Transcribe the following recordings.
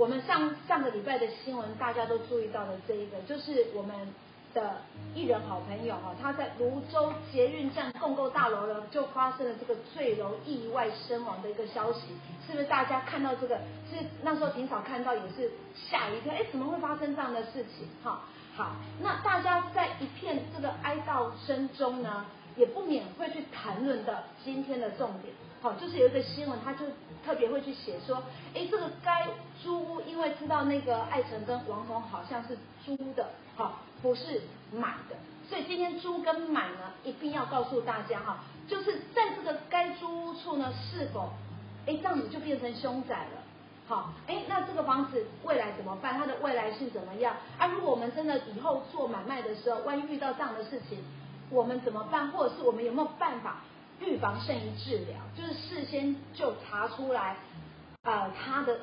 我們上上個禮拜的新聞，大家都注意到了這一個，就是我們的藝人好朋友哈，他在蘆洲捷運站共構大樓呢，就發生了這個墜樓意外身亡的一個消息，是不是？大家看到這個，是那時候挺少看到，也是嚇一跳，哎，怎麼會發生這樣的事情？哈，好，那大家在一片這個哀悼聲中呢，也不免會去談論到今天的重點。好，就是有一個新聞，他就特別會去寫說，哎，這個該租屋，因為知道那個艾成跟王總好像是租的，好，不是買的，所以今天租跟買呢，一定要告訴大家哈，就是在這個該租屋處呢，是否，哎，這樣子就變成凶宅了，好，哎，那這個房子未來怎麼辦？它的未來是怎麼樣？啊，如果我們真的以後做買賣的時候，萬一遇到這樣的事情，我們怎麼辦？或者是我們有沒有辦法？預防勝於治療，就是事先就查出來，呃，他的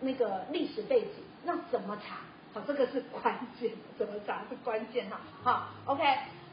那個歷史背景，那怎麼查？好、哦，這個是關鍵，怎麼查是關鍵哈、啊。好、哦，OK，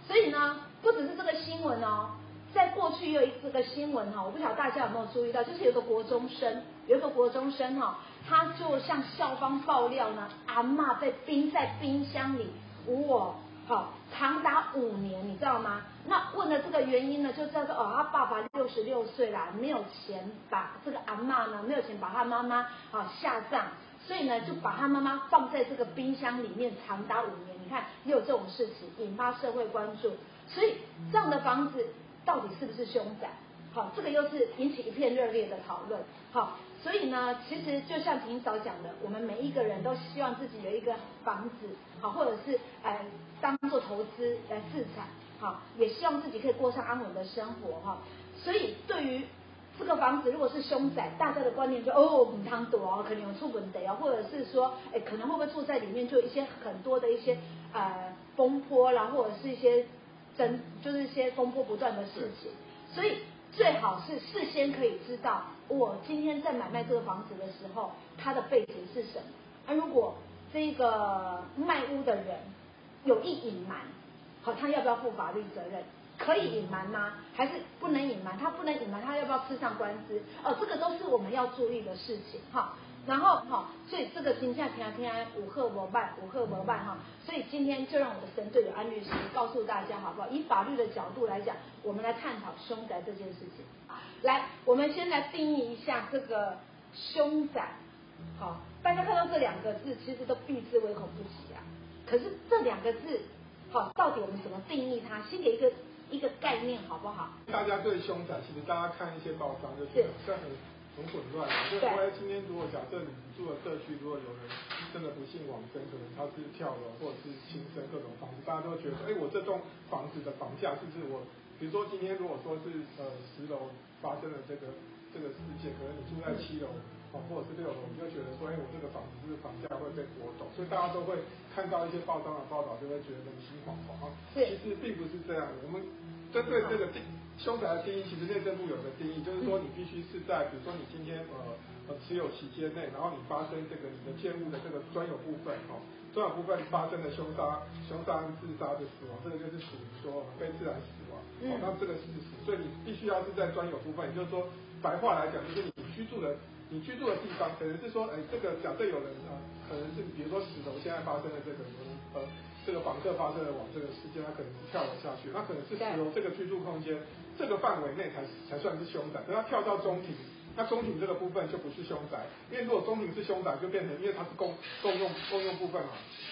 所以呢，不只是這個新聞哦，在過去又有一次的新聞哈、哦，我不曉得大家有沒有注意到，就是有個國中生，有一個國中生哈、哦，他就向校方爆料呢，阿嬤被冰在冰箱裡，嗚我。好，長達五年，你知道嗎？那問了這個原因呢，就知道說哦，他爸爸六十六歲啦，沒有錢把這個阿嬤呢，沒有錢把他媽媽好，下葬，所以呢，就把他媽媽放在這個冰箱裡面長達五年。你看，也有這種事情引發社會關注，所以這樣的房子到底是不是凶宅？好，這個又是引起一片熱烈的討論。好，所以呢，其實就像霆嫂講的，我們每一個人都希望自己有一個房子，好，或者是呃當做投資來置產，哈，也希望自己可以過上安穩的生活哈。所以對於這個房子，如果是凶宅，大家的觀念就哦，你湯多哦，可能有出軌的啊，或者是說，哎，可能會不會住在裡面就有一些很多的一些呃風波啦，或者是一些真就是一些風波不斷的事情。所以最好是事先可以知道，我今天在買賣這個房子的時候，它的背景是什麼。那、啊、如果這個賣屋的人，有意隱瞞，好，他要不要負法律責任？可以隱瞞嗎？還是不能隱瞞？他不能隱瞞，他要不要吃上官司？哦，這個都是我們要注意的事情，哈。然後，哈，所以這個今夏平安平安，五合膜拜，五合膜拜，哈。所以今天就讓我的神隊友安律師告訴大家，好不好？以法律的角度來講，我們來探討凶宅這件事情。啊，來，我們先來定義一下這個凶宅，好，大家看到這兩個字，其實都避之唯恐不及啊。可是這兩個字，好、哦，到底我們怎麼定義它？先給一個一個概念，好不好？大家對凶宅，其實大家看一些報章就覺得，是很很混亂。因為後來今天如果假設你住的社區，如果有人真的不幸往生，可能他是跳樓或者是輕生，各種房子，大家都覺得，哎、欸，我這棟房子的房價是不是我，比如說今天如果說是呃十樓發生了這個這個事件，可能你住在七樓。嗯或者是這種，我們就覺得說，哎，我這個房子是房價會被波動，所以大家都會看到一些報章的報道，就會覺得人心惶惶啊。其實並不是這樣的，我們針對這個凶宅的定義，其實內政部有個定義，就是說你必須是在，比如說你今天呃呃持有期間內，然後你發生這個你的建物的這個專有部分哦、啊，專有部分發生了凶殺、凶殺自殺的死亡，這個就是屬於說非自然死亡。那、啊啊、這個是死，所以你必須要是在專有部分，就是說白話來講，就是你居住的。你居住的地方，可能是說，哎、欸，這個假設有人啊，可能是比如說，十樓現在發生了這個、嗯，呃，這個房客發生了往這個事件，他可能跳了下去，那可能是十樓這個居住空間這個範圍內才才算是凶宅。等他跳到中庭，那中庭這個部分就不是凶宅，因為如果中庭是凶宅，就變成因為它是共共用共用部分嘛，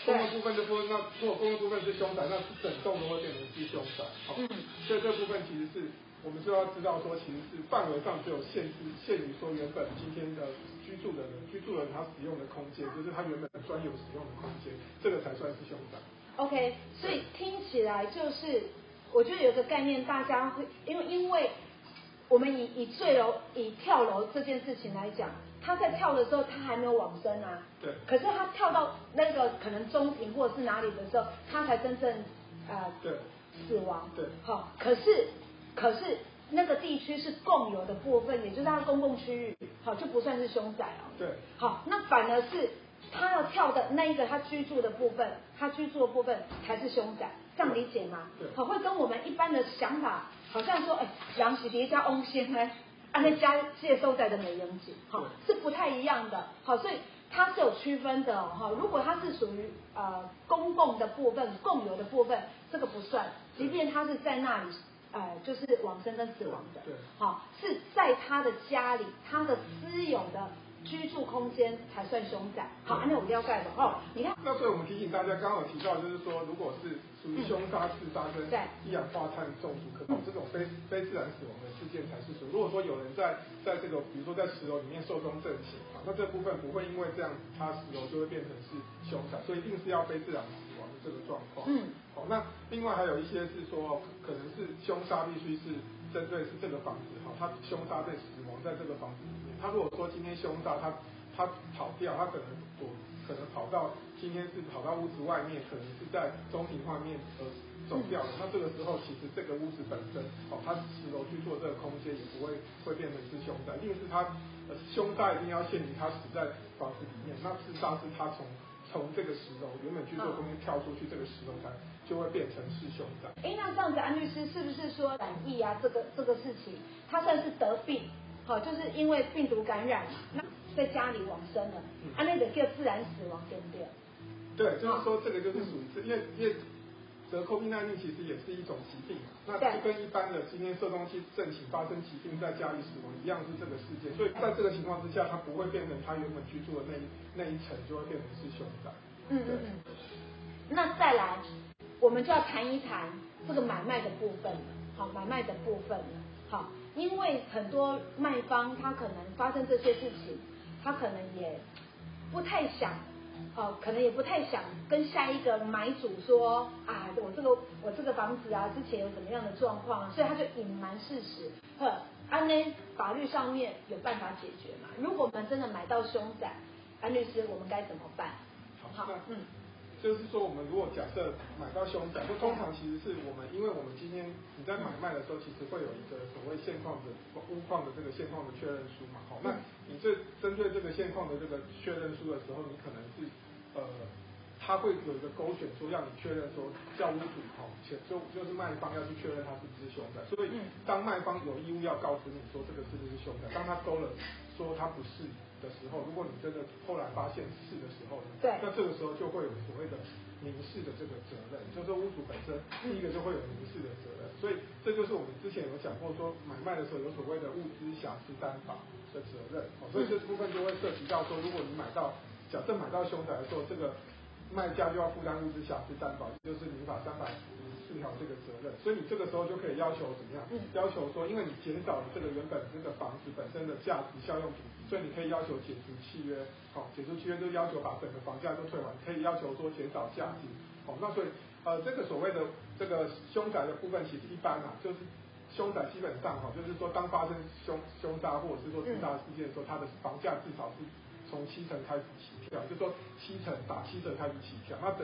共用部分就不會，那如果共用部分是凶宅，那整棟都會變成是凶宅。嗯，所以這個部分其實是。我們就要知道說，其實是範圍上只有限制限於說原本今天的居住的人，居住人他使用的空間，就是他原本專有使用的空間，這個才算是凶宅 OK，所以聽起來就是，對我覺得有一個概念，大家會因為因為我們以以墜樓、以跳樓這件事情來講，他在跳的時候他還沒有往生啊，對，可是他跳到那個可能中庭或者是哪裡的時候，他才真正啊、呃對亡，對，死亡，對，好，可是。可是那個地區是共有的部分，也就是它的公共區域，好就不算是凶宅啊。對，好，那反而是他要跳的那一個他居住的部分，他居住的部分才是凶宅，這樣理解嗎？好對，會跟我們一般的想法好像說，哎，喜血家翁先呢，啊那家借受在的美人子。好對是不太一樣的，好，所以它是有區分的哈。如果它是屬於呃公共的部分、共有的部分，這個不算，即便它是在那裡。呃，就是往生跟死亡的，對，好是在他的家裡，他的私有的居住空間才算凶宅，好，對好，那我們要蓋吧，哦，你看，那所以我們提醒大家，剛剛有提到，就是說，如果是屬於兇殺、自殺跟一氧化碳中毒可，可能對這種非非自然死亡的事件才是屬。如果說有人在在這個，比如說在十樓裡面壽終正寢，那這部分不會因為這樣，他十樓就會變成是凶宅，所以一定是要非自然死亡。這個狀況，嗯，好，那另外還有一些是說，可能是凶殺必須是針對是這個房子，哈、哦，他凶殺在死亡在這個房子裡面。他如果說今天凶殺它，他他跑掉，他可能躲，可能跑到今天是跑到屋子外面，可能是在中庭外面呃走掉了。那這個時候，其實這個屋子本身，哦，他十樓去做這個空間也不會會變成是凶殺，一定是他、呃、凶殺一定要限於他死在房子裡面。那自殺是他從。從這個石頭原本去做東西跳出去，這個石頭他、嗯、就會變成凶宅。哎、欸，那這樣子，安律師是不是說染疫啊？這個這個事情，他算是得病，好、嗯哦，就是因為病毒感染，那在家裡往生了，他、嗯啊、那個就自然死亡，對不對？對，就是說這個就是屬於、嗯，因為因為。得 COVID-19 其實也是一種疾病，對那就跟一般的今天受東西正氣發生疾病在家裡死亡一樣是這個事件，所以在這個情況之下，它不會變成他原本居住的那一那一層就會變成是凶宅。嗯嗯嗯。那再來，我們就要談一談這個買賣的部分了，好，買賣的部分了，好，因為很多賣方他可能發生這些事情，他可能也不太想。哦、可能也不太想跟下一個買主說啊，我這個我這個房子啊，之前有怎麼樣的狀況，啊，所以他就隱瞞事實。哼，安呢，法律上面有辦法解決嗎？如果我們真的買到凶宅，安、啊、律師，我們該怎麼辦？好，嗯，就是說我們如果假設買到凶宅，就通常其實是我們，因為我們今天你在買賣的時候，其實會有一個所謂現況的屋況的這個現況的確認書嘛，好，那。這針對這個現況的這個確認書的時候，你可能是，呃，他會有一個勾選說讓你確認說叫屋主哈，錢，就就是賣方要去確認他是不是凶宅，所以當賣方有義務要告訴你說這個是不是凶宅，當他勾了說他不是。的時候，如果你真的後來發現是的時候呢？對，那這個時候就會有所謂的民事的這個責任，就是屋主本身第一個就會有民事的責任，所以這就是我們之前有講過說買賣的時候有所謂的物之瑕疵擔保的責任，嗯、所以這部分就會涉及到說，如果你買到，假設買到凶宅的時候，這個賣家就要負擔物之瑕疵擔保，就是民法三百。這條這個責任，所以你這個時候就可以要求怎麼樣？要求說，因為你減少了這個原本這個房子本身的價值效用品，所以你可以要求解除契約，好，解除契約就要求把整個房價都退還，可以要求說減少價值，好，那所以呃，這個所謂的這個凶宅的部分，其實一般啊，就是凶宅基本上哈、哦，就是說當發生凶凶殺或者是說自殺事件的時候，它的房價至少是從七成開始起跳，就是、說七成打七成開始起跳，那等。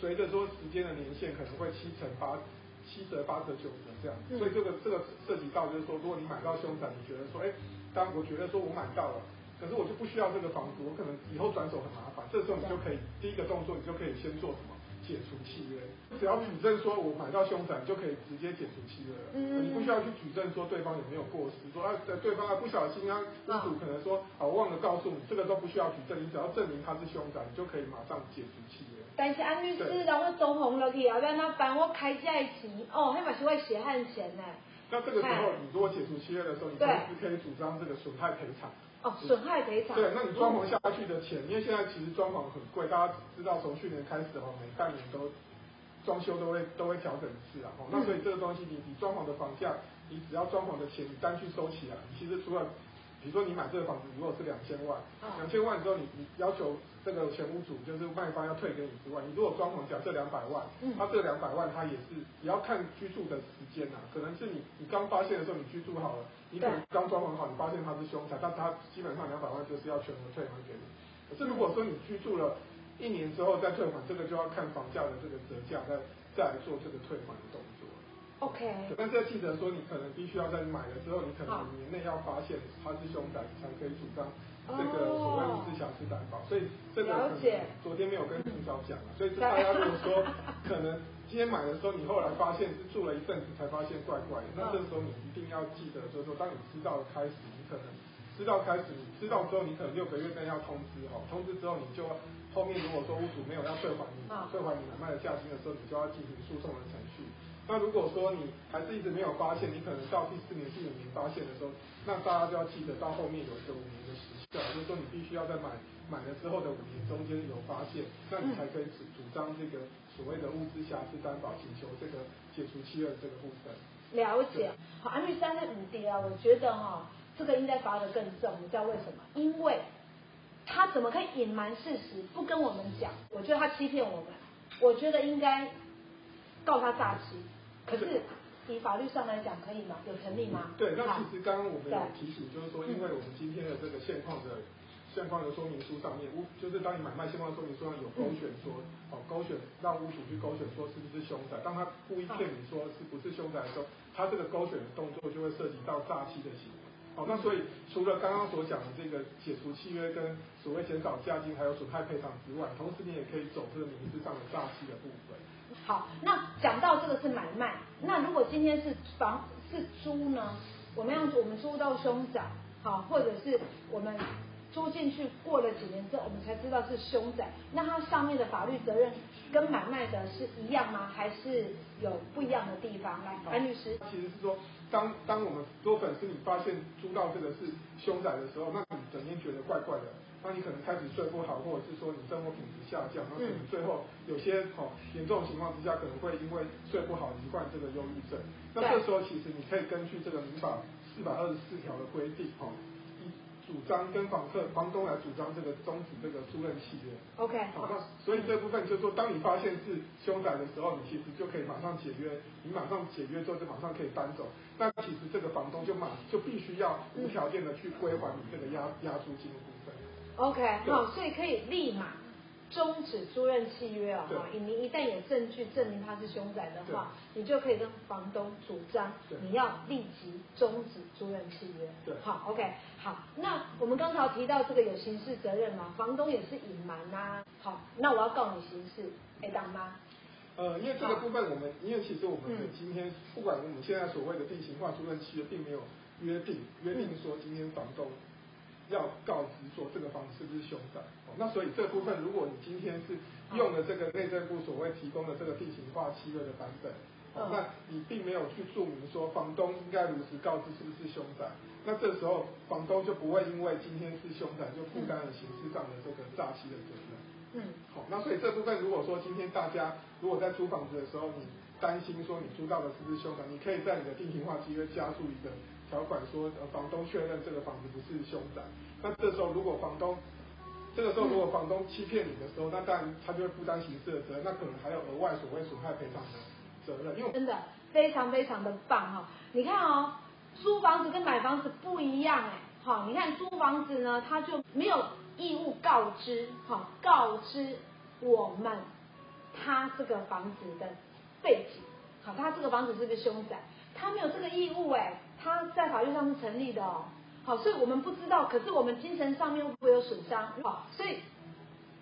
隨着說時間的年限，可能會七成八、七折八折九折這樣，所以這個這個涉及到就是說，如果你買到凶宅，你覺得說，哎、欸，當我覺得說我買到了，可是我就不需要這個房子，我可能以後轉手很麻煩，這時候你就可以第一個動作，你就可以先做什麼？解除契約，只要舉證說我買到凶宅，就可以直接解除契約了，嗯嗯嗯，你不需要去舉證說對方有沒有過失，說啊對方啊不小心啊業主可能說啊我忘了告訴你，這個都不需要舉證，你只要證明他是凶宅，你就可以馬上解除契約。但是安、啊、律師，對我中紅了去，要不要他幫我開價一起。哦，你嘛是會血汗錢呢、啊？那這個時候，你如果解除契約的時候，你公司對可以主張這個損害賠償？哦，損害賠償。對，那你裝潢下去的錢，嗯、因為現在其實裝潢很貴，大家知道從去年開始的話，每半年都裝修都會都會調整一次啊。哦、嗯，那所以這個東西你，你你裝潢的房價，你只要裝潢的錢，你單去收起來，你其實除了。比如說你買這個房子，如果是兩千萬，兩千萬之後你你要求這個前屋主就是賣方要退給你之外，你如果裝潢，假設兩百萬，嗯，他這兩百萬他也是也要看居住的時間吶、啊，可能是你你剛發現的時候你居住好了，你可能剛裝潢好你發現它是凶宅，但他基本上兩百萬就是要全額退還給你。可是如果說你居住了一年之後再退還，這個就要看房價的這個折價再再來做這個退還的動作。OK，但是要記得說，你可能必須要在買了之後，你可能年內要發現它是凶宅，才可以主張這個所謂物之瑕疵擔保。哦、所以這個可能昨天沒有跟領導講，所以就大家如果說可能今天買的時候，你後來發現是住了一陣子才發現怪怪的，哦、那這時候你一定要記得，就是說當你知道了開始，你可能知道開始，你知道之後，你可能六個月內要通知哈，通知之後你就後面如果說屋主沒有要退還你退，哦、還你買賣的價金的時候，你就要進行訴訟的程序。那如果說你還是一直沒有發現，你可能到第四年第五年發現的時候，那大家就要記得到後面有一個五年的時效，就是說你必須要在買買了之後的五年中間有發現，那你才可以主，主張這個所謂的物質瑕疵擔保，請求這個解除契約這個負擔。了解。對好，安律三的五跌啊，我覺得哈、哦，這個應該罰的更重，你知道為什麼？因為他怎麼可以隱瞞事實，不跟我們講？我覺得他欺騙我們，我覺得應該告他詐欺。可是以法律上來講可以嗎？有成立嗎？對，那其實剛剛我們有提醒，就是說，因為我們今天的這個現況的現況的說明書上面，屋就是當你買賣現況說明書上有勾選說，哦，勾選讓屋主去勾選說是不是凶宅，當他故意騙你說是不是凶宅的時候，他這個勾選的動作就會涉及到詐欺的行為。哦，那所以除了剛剛所講的這個解除契約跟所謂減少價金還有損害賠償之外，同時你也可以走這個民事上的詐欺的部分。好，那講到這個是買賣，那如果今天是房是租呢？我們要我們租到凶宅，好，或者是我們租進去過了幾年之後，我們才知道是凶宅，那它上面的法律責任跟買賣的是一樣嗎？還是有不一樣的地方？來，安律師，其實是說，當當我們多粉絲，你發現租到這個是凶宅的時候，那你整天覺得怪怪的。那你可能開始睡不好，或者是說你生活品質下降，那可能最後有些哦嚴重情況之下，可能會因為睡不好罹患這個憂鬱症。那這時候其實你可以根據這個民法四百二十四條的規定哦，以主張跟房客房東來主張這個終止這個租賃契約。OK，好，那所以這部分就是說，當你發現是凶宅的時候，你其實就可以馬上解約，你馬上解約之後就馬上可以搬走。那其實這個房東就馬就必須要無條件的去歸還你這個押押租金。OK，好，所以可以立馬終止租賃契約啊！哈，對你一旦有證據證明他是凶宅的話，對你就可以跟房東主張，對你要立即終止租賃契約。對，好，OK，好。那我們剛才提到這個有刑事責任嗎？房東也是隱瞞啊！好，那我要告你刑事，哎、欸、大媽呃，因為這個部分，我們好因為其實我們今天，嗯、不管我們現在所謂的定型化租賃契約，並沒有約定、嗯、約定說今天房東。要告知說這個房子是不是凶宅，那所以這部分如果你今天是用了這個內政部所謂提供的這個定型化契約的版本，那你並沒有去注明說房東應該如實告知是不是凶宅，那這時候房東就不會因為今天是凶宅就負擔刑事上的這個詐欺的責任。嗯，好，那所以這部分如果說今天大家如果在租房子的時候，你擔心說你租到的是不是凶宅，你可以在你的定型化契約加註一個。條款說，呃，房東確認這個房子不是兇宅。那這時候，如果房東，這個時候如果房東欺騙你的時候，那當然他就會負擔刑事的責任，那可能還有額外所謂損害賠償的責任。因為、嗯、真的非常非常的棒哈、哦！你看哦，租房子跟買房子不一樣哎。好，你看租房子呢，他就沒有義務告知，好告知我們他這個房子的背景，好，他這個房子是不是兇宅，他沒有這個義務哎。他在法律上是成立的，哦，好，所以我們不知道，可是我們精神上面會不會有損傷，好，所以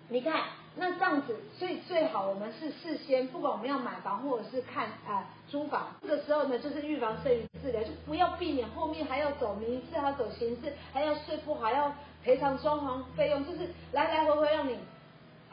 你看那這樣子，所以最好我們是事先，不管我們要買房或者是看啊、呃、租房，這個時候呢就是預防勝於治療，就不要避免後面還要走民事，還要走刑事，還要稅負，還要賠償裝潢費用，就是來來回回讓你。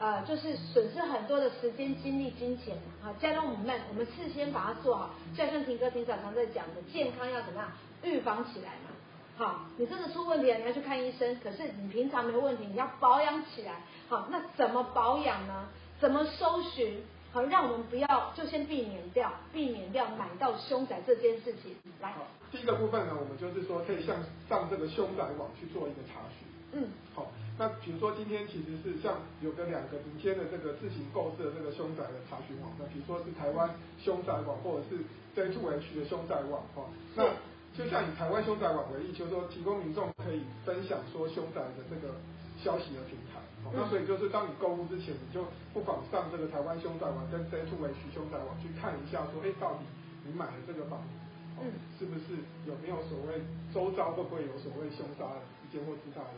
呃，就是損失很多的時間、精力、金錢嘛。好，加上我們我們事先把它做好。就像霆哥、霆嫂常在講的，健康要怎麼樣預防起來嘛。好，你真的出問題了，你要去看醫生。可是你平常沒問題，你要保養起來。好，那怎麼保養呢？怎麼搜尋？好，讓我們不要就先避免掉，避免掉買到凶宅這件事情。來，第一個部分呢，我們就是說可以向上這個凶宅網去做一個查詢。嗯，好。那比如說今天其實是像有個兩個民間的這個自行構設這個凶宅的查詢網站，比如說是台灣凶宅網或者是 J2H 的凶宅網，哈，那就像以台灣凶宅網為例，就是說提供民眾可以分享說凶宅的這個消息的平台，那所以就是當你購物之前，你就不妨上這個台灣凶宅網跟 J2H 凶宅網去看一下，說，誒、欸，到底你買的這個房，嗯，是不是有沒有所謂周遭會不會有所謂凶殺的，一是事件或自殺的？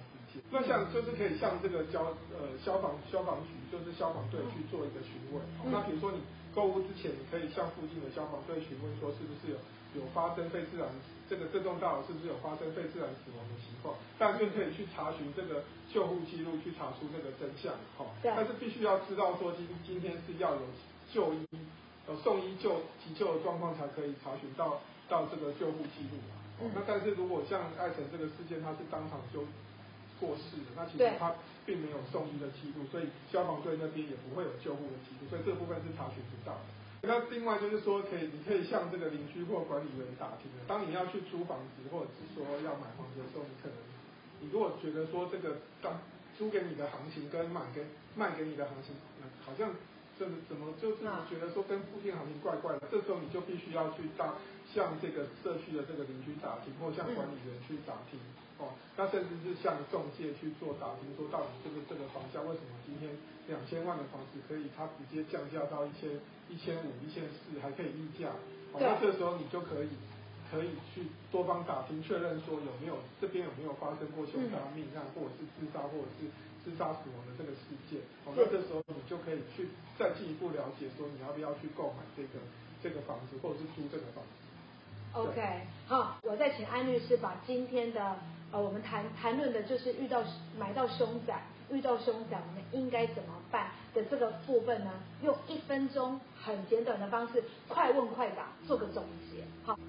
那像就是可以向這個交、呃，消防、消防局，就是消防隊去做一個詢問。那比如說你購屋之前，你可以向附近的消防隊詢問說，是不是有有發生非自然這個，這棟大樓是不是有發生非自然死亡的情況？但是可以去查詢這個救護記錄，去查出這個真相。好，但是必須要知道說今天今天是要有救醫有送醫救急救的狀況才可以查詢到到這個救護記錄。那但是如果像艾成這個事件，他是當場就過世了，那其實他並沒有送醫的記錄，對所以消防隊那邊也不會有救護的記錄，所以這部分是查詢不到。那另外就是說，可以，你可以向這個鄰居或管理員打聽。當你要去租房子或者是說要買房子的時候，你可能你如果覺得說這個當租給你的行情跟賣給賣給你的行情，好像怎麼怎麼就是覺得說跟附近行情怪怪的，這時候你就必須要去當向這個社區的這個鄰居打聽，或向管理員去打聽。嗯哦，那甚至是向仲介去做打聽，說到底這個這個房價為什麼今天兩千萬的房子可以，它直接降價到一千一千五、一千四還可以議價。對那這時候你就可以可以去多方打聽確認，說有沒有這邊有沒有發生過凶殺命案，或者是自殺，或者是自殺死亡的這個事件。對那這時候你就可以去再進一步了解，說你要不要去購買這個這個房子，或者是租這個房子。OK，好，我再請安律師把今天的，呃，我們談談論的，就是遇到買到凶宅，遇到凶宅，我們應該怎麼辦的這個部分呢？用一分鐘很簡短的方式，快問快答，做個總結。好，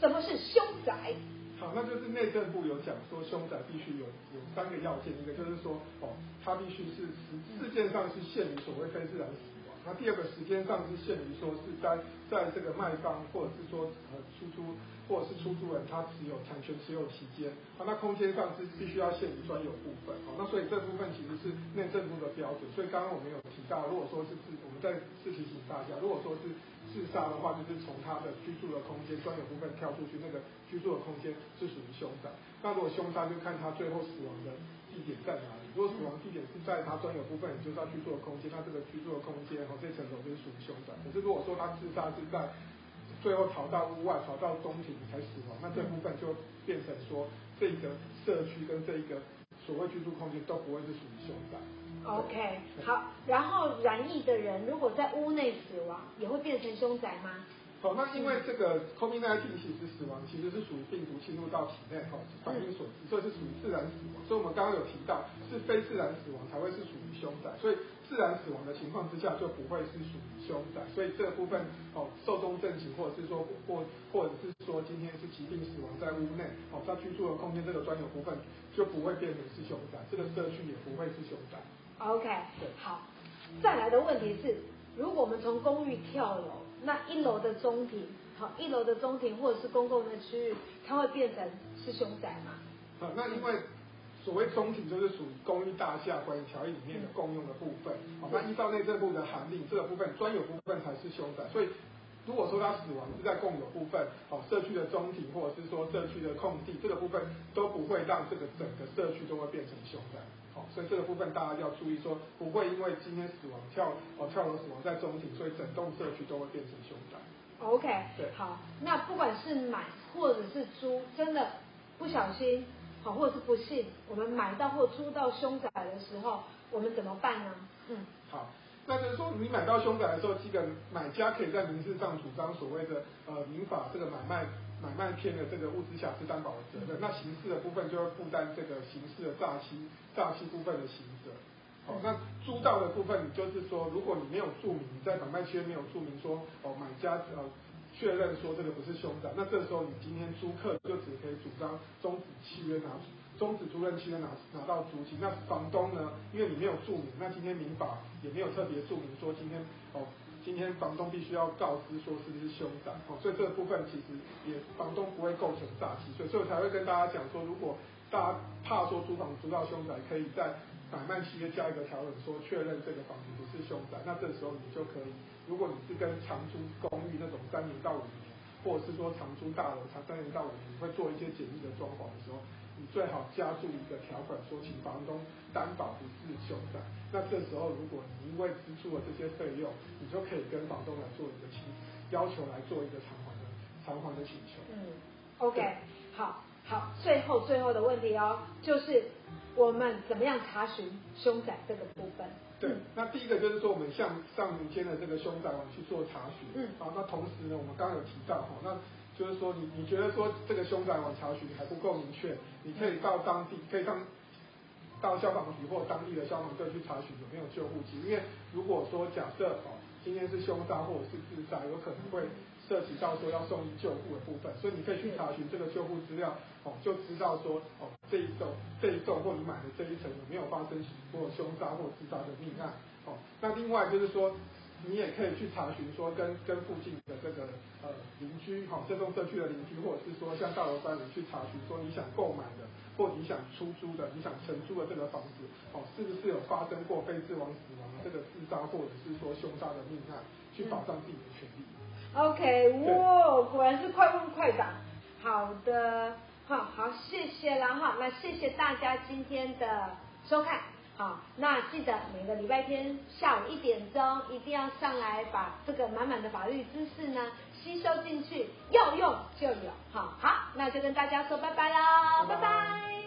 什麼是凶宅？好，那就是內政部有講說，凶宅必須有有三個要件，一個就是說，哦，它必須是實際，世界上是現所謂非自然死。那第二個時間上是限於說，是在在這個賣方或者是說呃出租或者是出租人他持有產權持有期間，那空間上是必須要限於專有部分，那所以這部分其實是內政部的標準。所以剛剛我們有提到，如果說是自，我們再次提醒大家，如果說是自殺的話，就是從他的居住的空間專有部分跳出去，那個居住的空間是屬於凶宅。那如果兇殺就看他最後死亡的地點在哪裡。如果死亡地點是在他專有部分，你就是要居住的空間，他這個居住的空間，和這層樓就是屬於凶宅。可是如果說他自殺是在最後逃到屋外，逃到中庭才死亡，那這部分就變成說這個社區跟這一個所謂居住空間都不會是屬於凶宅。OK，好。然後染疫的人如果在屋內死亡，也會變成凶宅嗎？好、哦，那因為這個 COVID-19 其實死亡其實是屬於病毒侵入到體內，哈、哦，反應所致，所以是屬於自然死亡。所以我們剛剛有提到是非自然死亡才會是屬於凶宅，所以自然死亡的情況之下就不會是屬於凶宅。所以這個部分，哦，壽終正寢，或者是說過，或者是說今天是疾病死亡在屋內，哦，他居住的空間這個專有部分就不會變成是凶宅，這個社區也不會是凶宅。OK，好，再來的問題是。如果我們從公寓跳樓，那一樓的中庭，好，一樓的中庭或者是公共的區域，它會變成是凶宅嗎？好、嗯，那因為所謂中庭就是屬於公寓大廈管理條例裡面的共用的部分，好、嗯，那依照內政部的函令，這個部分專有部分才是凶宅，所以如果說他死亡是在共有部分，好，社區的中庭或者是說社區的空地，這個部分都不會讓這個整個社區都會變成凶宅。所以這個部分大家要注意說，說不會因為今天死亡跳哦跳樓死亡在中庭，所以整棟社區都會變成凶宅。OK，對，好。那不管是買或者是租，真的不小心，嗯、好或者是不幸，我們買到或租到凶宅的時候，我們怎麼辦呢？嗯，好，那就是說你買到凶宅的時候，基本買家可以在民事上主張所謂的呃民法這個買賣。買賣片的這個物資瑕疵擔保的責任，那刑事的部分就會負擔這個刑事的詐欺，詐欺部分的刑責。好、哦，那租到的部分，就是說，如果你沒有注明，你在買賣契約沒有注明說，哦，買家呃確認說這個不是凶宅，那這時候你今天租客就只可以主張終止契約拿，終止租賃契約拿拿到租金。那房東呢，因為你沒有注明，那今天民法也沒有特別注明說今天哦。今天房東必須要告知說是不是凶宅哦，所以這個部分其實也房東不會構成詐欺，所以我才會跟大家講說，如果大家怕說租房租到凶宅，可以在買賣契約加一個條文說確認這個房子不是凶宅，那這個時候你就可以，如果你是跟長租公寓那種三年到五年，或者是說長租大樓長三年到五年，會做一些簡易的裝潢的時候。你最好加注一個條款說，說請房東擔保不是凶宅。那這時候，如果你因為支出了這些費用，你就可以跟房東來做一個請要求來做一個償還的償還的請求。嗯，OK，對好，好，最後最後的問題哦，就是我們怎麼樣查詢凶宅這個部分？對，嗯、那第一個就是說，我們向上民間的這個凶宅我們去做查詢。嗯，好，那同時呢，我們剛剛有提到哈，那就是說，你你覺得說這個凶宅網查詢還不夠明確，你可以到當地，可以到到消防局或當地的消防隊去查詢有沒有救護機，因為如果說假設哦，今天是兇殺或者是自殺，有可能會涉及到說要送醫救護的部分，所以你可以去查詢這個救護資料哦，就知道說哦這一棟這一棟或你買的這一層有沒有發生過兇殺或自殺的命案哦。那另外就是說。你也可以去查詢，說跟跟附近的這個呃鄰居，好，這棟社區的鄰居，或者是說像大樓三元去查詢，說你想購買的或你想出租的、你想承租的這個房子，哦，是不是有發生過非自然死亡、這個自殺或者是說凶殺的命案，去保障自己的權利。OK，哇，果然是快問快答。好的，好好，謝謝了，哈，那謝謝大家今天的收看。好，那記得每個禮拜天下午一點鐘一定要上來，把這個滿滿的法律知識呢吸收進去，要用，用就有。好，好，那就跟大家說拜拜啦，拜拜。拜拜。